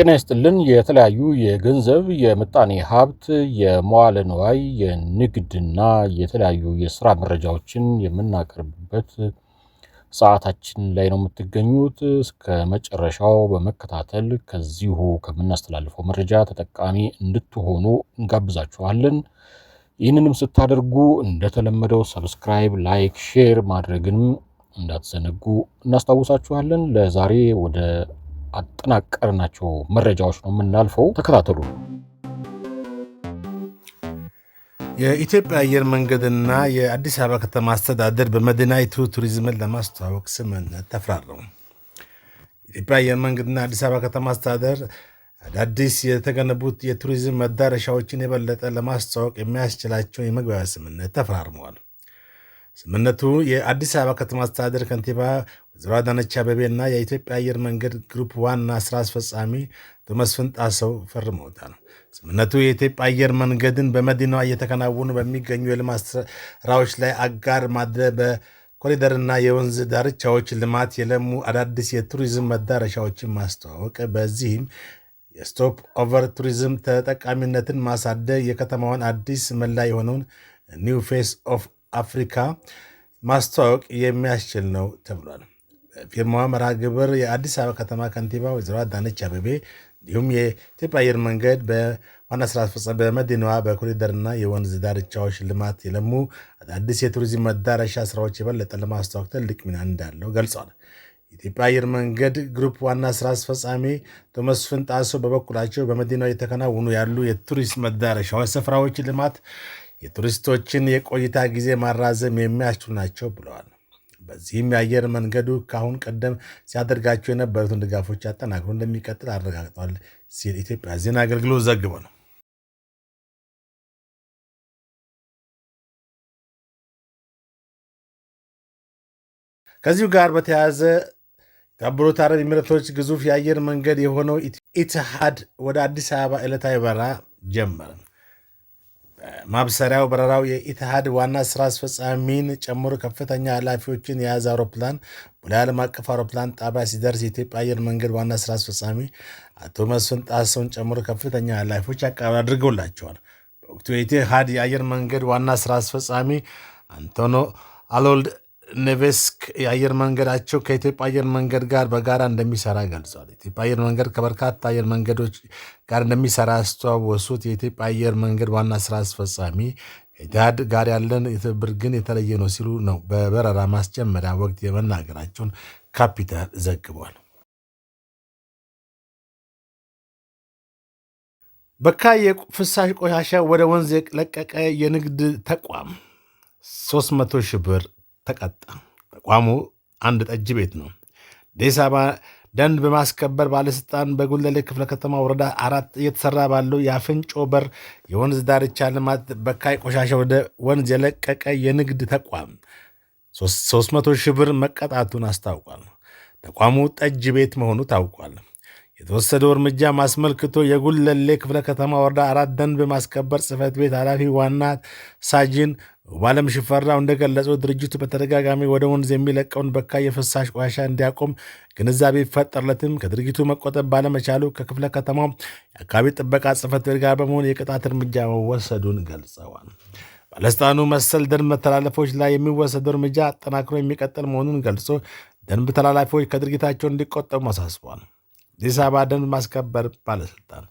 ጤና ይስጥልን። የተለያዩ የገንዘብ የምጣኔ ሀብት የመዋለ ንዋይ የንግድና የተለያዩ የስራ መረጃዎችን የምናቀርብበት ሰዓታችን ላይ ነው የምትገኙት። እስከ መጨረሻው በመከታተል ከዚሁ ከምናስተላልፈው መረጃ ተጠቃሚ እንድትሆኑ እንጋብዛችኋለን። ይህንንም ስታደርጉ እንደተለመደው ሰብስክራይብ፣ ላይክ፣ ሼር ማድረግንም እንዳትዘነጉ እናስታውሳችኋለን። ለዛሬ ወደ አጠናቀርናቸው መረጃዎች ነው የምናልፈው። ተከታተሉ። የኢትዮጵያ አየር መንገድና የአዲስ አበባ ከተማ አስተዳደር በመዲናይቱ ቱሪዝምን ለማስተዋወቅ ስምምነት ተፈራረሙ። ኢትዮጵያ አየር መንገድና አዲስ አበባ ከተማ አስተዳደር አዳዲስ የተገነቡት የቱሪዝም መዳረሻዎችን የበለጠ ለማስተዋወቅ የሚያስችላቸውን የመግባቢያ ስምምነት ተፈራርመዋል። ስምምነቱ የአዲስ አበባ ከተማ አስተዳደር ከንቲባ ወይዘሮ አዳነች አቤቤ ና የኢትዮጵያ አየር መንገድ ግሩፕ ዋና ስራ አስፈጻሚ ተመስፍን ጣሰው ፈርመውታል። ስምምነቱ የኢትዮጵያ አየር መንገድን በመዲናዋ እየተከናወኑ በሚገኙ የልማት ስራዎች ላይ አጋር ማድረግ በኮሪደርና የወንዝ ዳርቻዎች ልማት የለሙ አዳዲስ የቱሪዝም መዳረሻዎችን ማስተዋወቅ በዚህም የስቶፕ ኦቨር ቱሪዝም ተጠቃሚነትን ማሳደግ የከተማዋን አዲስ መላ የሆነውን ኒው ፌስ ኦፍ አፍሪካ ማስተዋወቅ የሚያስችል ነው ተብሏል። ፊርማዋ መርሃ ግብር የአዲስ አበባ ከተማ ከንቲባ ወይዘሮ አዳነች አቤቤ እንዲሁም የኢትዮጵያ አየር መንገድ በዋና ስራ አስፈጻሚ በመዲናዋ በኮሪደርና የወንዝ ዳርቻዎች ልማት የለሙ አዳዲስ የቱሪዝም መዳረሻ ስራዎች የበለጠ ለማስተዋወቅ ትልቅ ሚና እንዳለው ገልጿል። የኢትዮጵያ አየር መንገድ ግሩፕ ዋና ስራ አስፈጻሚ ተመስፍን ጣሶ በበኩላቸው በመዲናዋ የተከናወኑ ያሉ የቱሪስት መዳረሻዎች ስፍራዎች ልማት የቱሪስቶችን የቆይታ ጊዜ ማራዘም የሚያስችሉ ናቸው ብለዋል። በዚህም የአየር መንገዱ ከአሁን ቀደም ሲያደርጋቸው የነበሩትን ድጋፎች አጠናክሮ እንደሚቀጥል አረጋግጧል ሲል ኢትዮጵያ ዜና አገልግሎት ዘግቦ ነው። ከዚሁ ጋር በተያያዘ የተባበሩት አረብ ኤሚሬቶች ግዙፍ የአየር መንገድ የሆነው ኢትሃድ ወደ አዲስ አበባ ዕለታዊ በረራ ጀመረ። ማብሰሪያው በረራው የኢትሃድ ዋና ስራ አስፈጻሚን ጨምሮ ከፍተኛ ኃላፊዎችን የያዘ አውሮፕላን ወደ ዓለም አቀፍ አውሮፕላን ጣቢያ ሲደርስ የኢትዮጵያ አየር መንገድ ዋና ስራ አስፈጻሚ አቶ መስፍን ጣሰውን ጨምሮ ከፍተኛ ኃላፊዎች አቀባበል አድርገውላቸዋል። በወቅቱ የኢትሃድ የአየር መንገድ ዋና ስራ አስፈጻሚ አንቶኖ አሎልድ ኔቬስክ የአየር መንገዳቸው ከኢትዮጵያ አየር መንገድ ጋር በጋራ እንደሚሰራ ገልጿል። ኢትዮጵያ አየር መንገድ ከበርካታ አየር መንገዶች ጋር እንደሚሰራ ያስተዋወሱት የኢትዮጵያ አየር መንገድ ዋና ስራ አስፈጻሚ ከኢትሃድ ጋር ያለን የትብብር ግን የተለየ ነው ሲሉ ነው በበረራ ማስጀመሪያ ወቅት የመናገራቸውን ካፒታል ዘግቧል። በካይ የፍሳሽ ቆሻሻ ወደ ወንዝ የለቀቀ የንግድ ተቋም 300 ሺህ ብር ተቀጣ። ተቋሙ አንድ ጠጅ ቤት ነው። አዲስ አበባ ደንብ በማስከበር ባለስልጣን በጉለሌ ክፍለ ከተማ ወረዳ አራት እየተሰራ ባለው የአፍንጮ በር የወንዝ ዳርቻ ልማት በካይ ቆሻሻ ወደ ወንዝ የለቀቀ የንግድ ተቋም 300 ሺህ ብር መቀጣቱን አስታውቋል። ተቋሙ ጠጅ ቤት መሆኑ ታውቋል። የተወሰደው እርምጃ ማስመልክቶ የጉለሌ ክፍለ ከተማ ወረዳ አራት ደንብ ማስከበር ጽህፈት ቤት ኃላፊ ዋና ሳጅን ባለም ሽፈራው እንደገለጸው ድርጅቱ በተደጋጋሚ ወደ ወንዝ የሚለቀውን በካ የፍሳሽ ቆሻሻ እንዲያቆም ግንዛቤ ይፈጠርለትም ከድርጊቱ መቆጠብ ባለመቻሉ ከክፍለ ከተማው የአካባቢ ጥበቃ ጽሕፈት ቤት ጋር በመሆን የቅጣት እርምጃ መወሰዱን ገልጸዋል። ባለስልጣኑ መሰል ደንብ መተላለፎች ላይ የሚወሰደው እርምጃ አጠናክሮ የሚቀጥል መሆኑን ገልጾ ደንብ ተላላፊዎች ከድርጊታቸው እንዲቆጠቡ አሳስቧል። አዲስ አበባ ደንብ ማስከበር ባለስልጣን